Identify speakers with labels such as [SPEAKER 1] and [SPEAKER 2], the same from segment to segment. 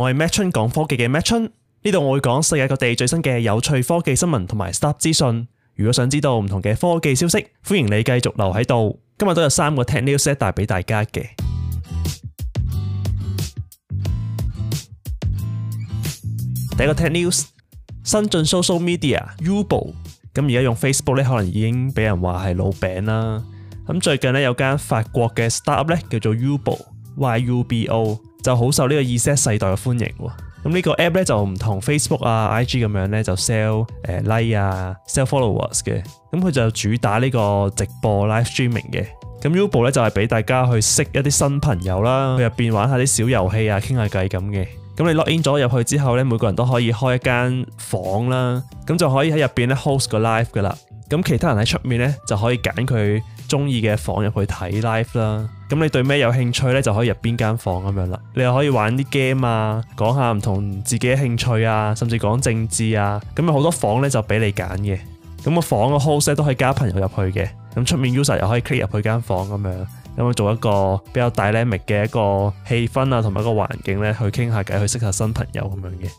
[SPEAKER 1] 我係麥春，講科技嘅麥春呢度，我會講世界各地最新嘅有趣科技新聞同埋 startup 資訊。如果想知道唔同嘅科技消息，歡迎你繼續留喺度。今日都有三個 tech news 帶俾大家嘅。第一個 tech news 新進 social media UBO，咁而家用 Facebook 咧，可能已經俾人話係老餅啦。咁最近呢，有間法國嘅 startup 咧叫做 Yubo, Y U B O。就好受呢個 Z 世代嘅歡迎喎，咁呢個 app 咧就唔同 Facebook 啊、IG 咁樣咧就 sell 誒、呃、like 啊、sell followers 嘅，咁佢就主打呢個直播 live streaming 嘅，咁 Yubo 咧就係、是、俾大家去識一啲新朋友啦，去入邊玩下啲小遊戲啊、傾下偈咁嘅，咁你 login 咗入去之後咧，每個人都可以開一間房啦，咁就可以喺入邊咧 host 個 live 噶啦。咁其他人喺出面呢，就可以揀佢中意嘅房入去睇 live 啦。咁你對咩有興趣呢，就可以入邊間房咁樣啦。你又可以玩啲 game 啊，講下唔同自己嘅興趣啊，甚至講政治啊。咁有好多房呢，就俾你揀嘅。咁個房個 host 都可以加朋友入去嘅。咁出面 user 又可以 create 入去間房咁樣，咁做一個比較 dynamic 嘅一個氣氛啊，同埋一個環境呢，去傾下偈，去識下新朋友咁樣嘅。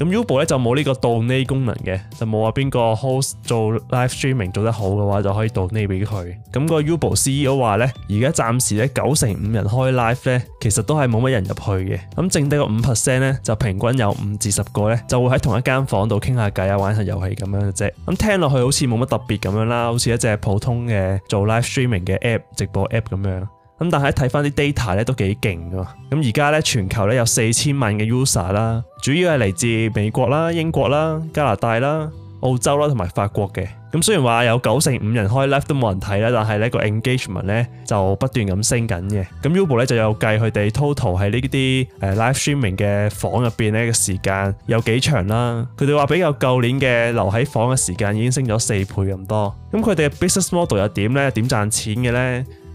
[SPEAKER 1] 咁 Yubo 咧就冇呢個 donate 功能嘅，就冇話邊個 host 做 live streaming 做得好嘅話就可以 donate 俾佢。咁個 Yubo CEO 話咧，而家暫時咧九成五人開 live 咧，其實都係冇乜人入去嘅。咁剩低個五 percent 咧，就平均有五至十個咧，就會喺同一間房度傾下偈啊，玩下遊戲咁樣嘅啫。咁聽落去好似冇乜特別咁樣啦，好似一隻普通嘅做 live streaming 嘅 app 直播 app 咁樣。咁但係睇翻啲 data 咧都幾勁嘅，咁而家咧全球咧有四千萬嘅 user 啦，主要係嚟自美國啦、英國啦、加拿大啦、澳洲啦同埋法國嘅。咁雖然話有九成五人開 live 都冇人睇啦，但係呢個 engagement 咧就不斷咁升緊嘅。咁 Uber 咧就有計佢哋 total 喺呢啲誒 live streaming 嘅房入邊咧嘅時間有幾長啦。佢哋話比較舊年嘅留喺房嘅時間已經升咗四倍咁多。咁佢哋嘅 business model 又點咧？又點賺錢嘅咧？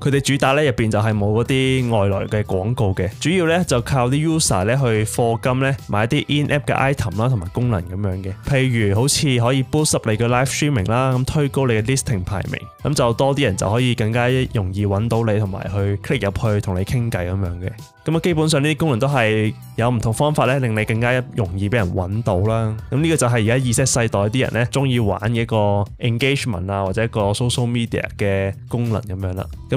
[SPEAKER 1] 佢哋主打咧入邊就係冇嗰啲外來嘅廣告嘅，主要咧就靠啲 user 咧去課金咧買一啲 in-app 嘅 item 啦同埋功能咁樣嘅，譬如好似可以 boost up 你嘅 live streaming 啦，咁推高你嘅 listing 排名，咁就多啲人就可以更加容易揾到你同埋去 click 入去同你傾偈咁樣嘅，咁啊基本上呢啲功能都係有唔同方法咧令你更加容易俾人揾到啦，咁呢個就係而家 Z 世代啲人咧中意玩嘅一個 engagement 啊或者一個 social media 嘅功能咁樣啦，咁。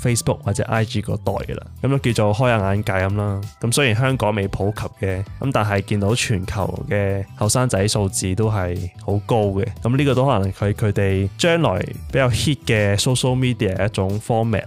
[SPEAKER 1] Facebook 或者 IG 嗰代嘅啦，咁都叫做開下眼界咁啦。咁雖然香港未普及嘅，咁但係見到全球嘅後生仔數字都係好高嘅。咁呢個都可能佢佢哋將來比較 hit 嘅 social media 一種 format。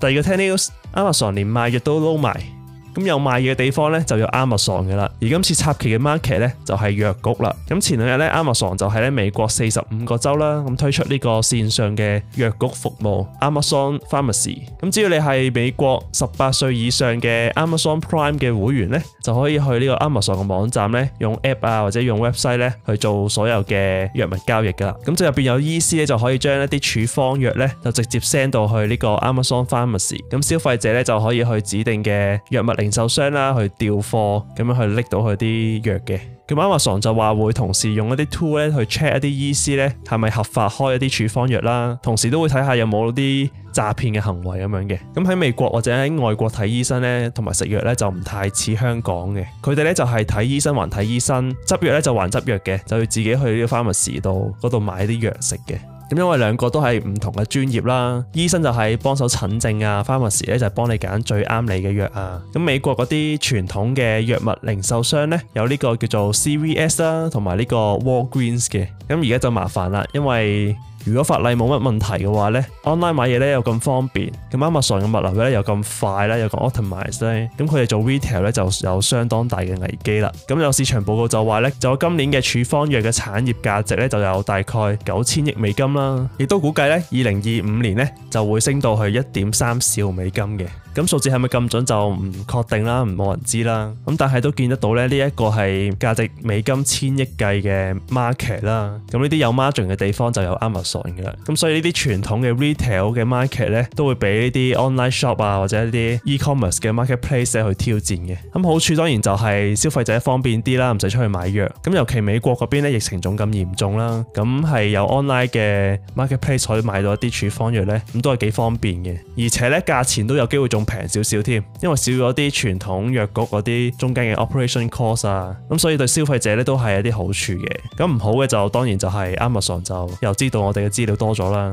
[SPEAKER 1] 第二個 tech news，Amazon 連賣藥都撈埋。咁有賣嘢嘅地方咧，就有 Amazon 嘅啦。而今次插旗嘅 market 咧，就係藥局啦。咁前兩日咧，Amazon 就喺咧美國四十五個州啦，咁推出呢個線上嘅藥局服務 Amazon Pharmacy。咁只要你係美國十八歲以上嘅 Amazon Prime 嘅會員咧，就可以去呢個 Amazon 嘅網站咧，用 app 啊或者用 website 咧去做所有嘅藥物交易㗎喇。咁就入邊有醫師咧，就可以將一啲處方藥咧，就直接 send 到去呢個 Amazon Pharmacy。咁消費者咧就可以去指定嘅藥物嚟。零售商啦，去調貨咁樣去拎到佢啲藥嘅。咁 Amazon 就話會同時用一啲 tool 咧去 check 一啲醫師咧係咪合法開一啲處方藥啦，同時都會睇下有冇啲詐騙嘅行為咁樣嘅。咁喺美國或者喺外國睇醫生咧，同埋食藥咧就唔太似香港嘅。佢哋咧就係、是、睇醫生還睇醫生，執藥咧就還執藥嘅，就要自己去花蜜士度嗰度買啲藥食嘅。咁因為兩個都係唔同嘅專業啦，醫生就係幫手診症啊，pharmacist 咧就係幫你揀最啱你嘅藥啊。咁美國嗰啲傳統嘅藥物零售商呢，有呢個叫做 CVS 啦，同埋呢個 Walgreens 嘅。咁而家就麻煩啦，因為如果法例冇乜問題嘅話呢 online 買嘢呢又咁方便，咁 Amazon 嘅物流呢又咁快呢又咁 optimize 呢咁佢哋做 retail 呢就有相當大嘅危機啦。咁有市場報告就話呢就今年嘅處方藥嘅產業價值呢就有大概九千億美金啦，亦都估計呢，二零二五年呢就會升到去一點三兆美金嘅。咁數字係咪咁準就唔確定啦，唔冇人知啦。咁但係都見得到咧，呢一個係價值美金千億計嘅 market 啦。咁呢啲有 margin 嘅地方就有 Amazon 嘅啦。咁所以呢啲傳統嘅 retail 嘅 market 咧，都會俾呢啲 online shop 啊或者一啲 e-commerce 嘅 marketplace 咧去挑戰嘅。咁好處當然就係消費者方便啲啦，唔使出去買藥。咁尤其美國嗰邊咧疫情仲咁嚴重啦，咁係有 online 嘅 marketplace 可以買到一啲處方藥咧，咁都係幾方便嘅。而且咧價錢都有機會仲～平少少添，因為少咗啲傳統藥局嗰啲中間嘅 operation cost 啊，咁所以對消費者咧都係一啲好處嘅。咁唔好嘅就當然就係 Amazon 就又知道我哋嘅資料多咗啦。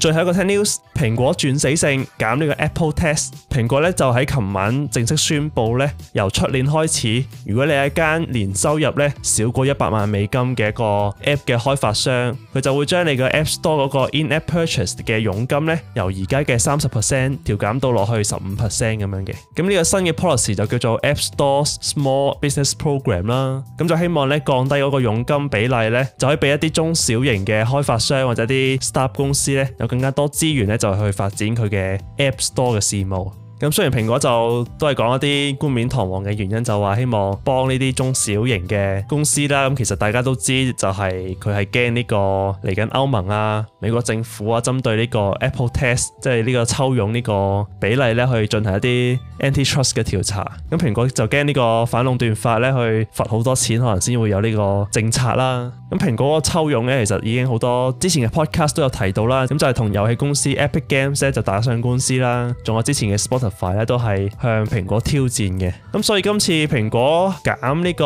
[SPEAKER 1] 最後一個聽 news，蘋果轉死性減呢個 Apple Tax。蘋果咧就喺琴晚正式宣布咧，由出年開始，如果你係間年收入咧少過一百萬美金嘅一個 App 嘅開發商，佢就會將你個 App Store 嗰個 In App Purchase 嘅佣金咧，由而家嘅三十 percent 調減到落去十五 percent 咁樣嘅。咁呢個新嘅 policy 就叫做 App Store Small Business Program 啦。咁就希望咧降低嗰個佣金比例咧，就可以俾一啲中小型嘅開發商或者啲 Startup 公司咧，更加多資源咧，就去發展佢嘅 App Store 嘅事務。咁雖然蘋果就都係講一啲冠冕堂皇嘅原因，就話希望幫呢啲中小型嘅公司啦。咁其實大家都知，就係佢係驚呢個嚟緊歐盟啊、美國政府啊，針對呢個 Apple Tax，即係呢個抽傭呢個比例咧，去進行一啲 Antitrust 嘅調查。咁蘋果就驚呢個反壟斷法咧，去罰好多錢，可能先會有呢個政策啦。咁蘋果個抽傭咧，其實已經好多之前嘅 podcast 都有提到啦。咁就係同遊戲公司 Epic Games 咧就打上官司啦，仲有之前嘅 Spotify 咧都係向蘋果挑戰嘅。咁所以今次蘋果減呢個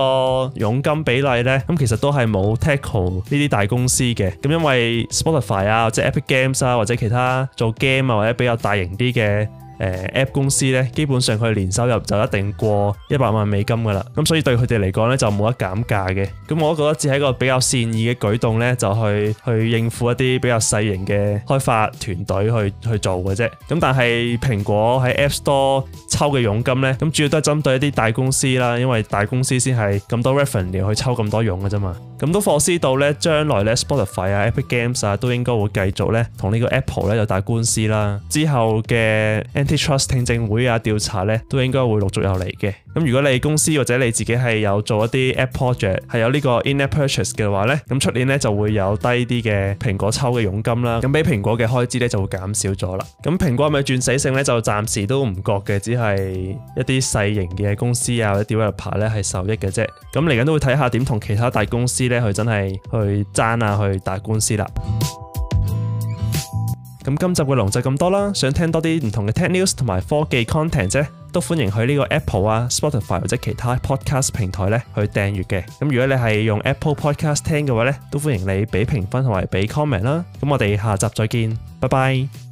[SPEAKER 1] 傭金比例咧，咁其實都係冇 tackle 呢啲大公司嘅。咁因為 Spotify 啊，或者 Epic Games 啊，或者其他做 game 啊，或者比較大型啲嘅。誒、呃、App 公司咧，基本上佢年收入就一定過一百萬美金噶啦，咁所以對佢哋嚟講咧就冇得減價嘅，咁我都覺得只係一個比較善意嘅舉動咧，就去去應付一啲比較細型嘅開發團隊去去做嘅啫，咁但係蘋果喺 App Store 抽嘅佣金咧，咁主要都係針對一啲大公司啦，因為大公司先係咁多 revenue 去抽咁多佣嘅啫嘛。咁都 foresee 到咧，將來咧 Spotify 啊、Epic Games 啊，都應該會繼續咧同呢個 Apple 咧有打官司啦。之後嘅 Antitrust 聽證會啊、調查咧，都應該會陸續有嚟嘅。咁如果你公司或者你自己係有做一啲 app project，係有呢個 in-app purchase 嘅話咧，咁出年咧就會有低啲嘅蘋果抽嘅佣金啦，咁俾蘋果嘅開支咧就會減少咗啦。咁蘋果係咪轉死性咧，就暫時都唔覺嘅，只係一啲細型嘅公司啊或者 developer 咧係受益嘅啫。咁嚟緊都會睇下點同其他大公司。佢真係去爭啊，去打官司啦。咁 今集嘅內容就咁多啦。想聽多啲唔同嘅 tech news 同埋科技 content 咧，都歡迎喺呢個 Apple 啊、Spotify 或者其他 podcast 平台咧去訂閱嘅。咁如果你係用 Apple podcast 聽嘅話咧，都歡迎你俾評分同埋俾 comment 啦。咁我哋下集再見，拜拜。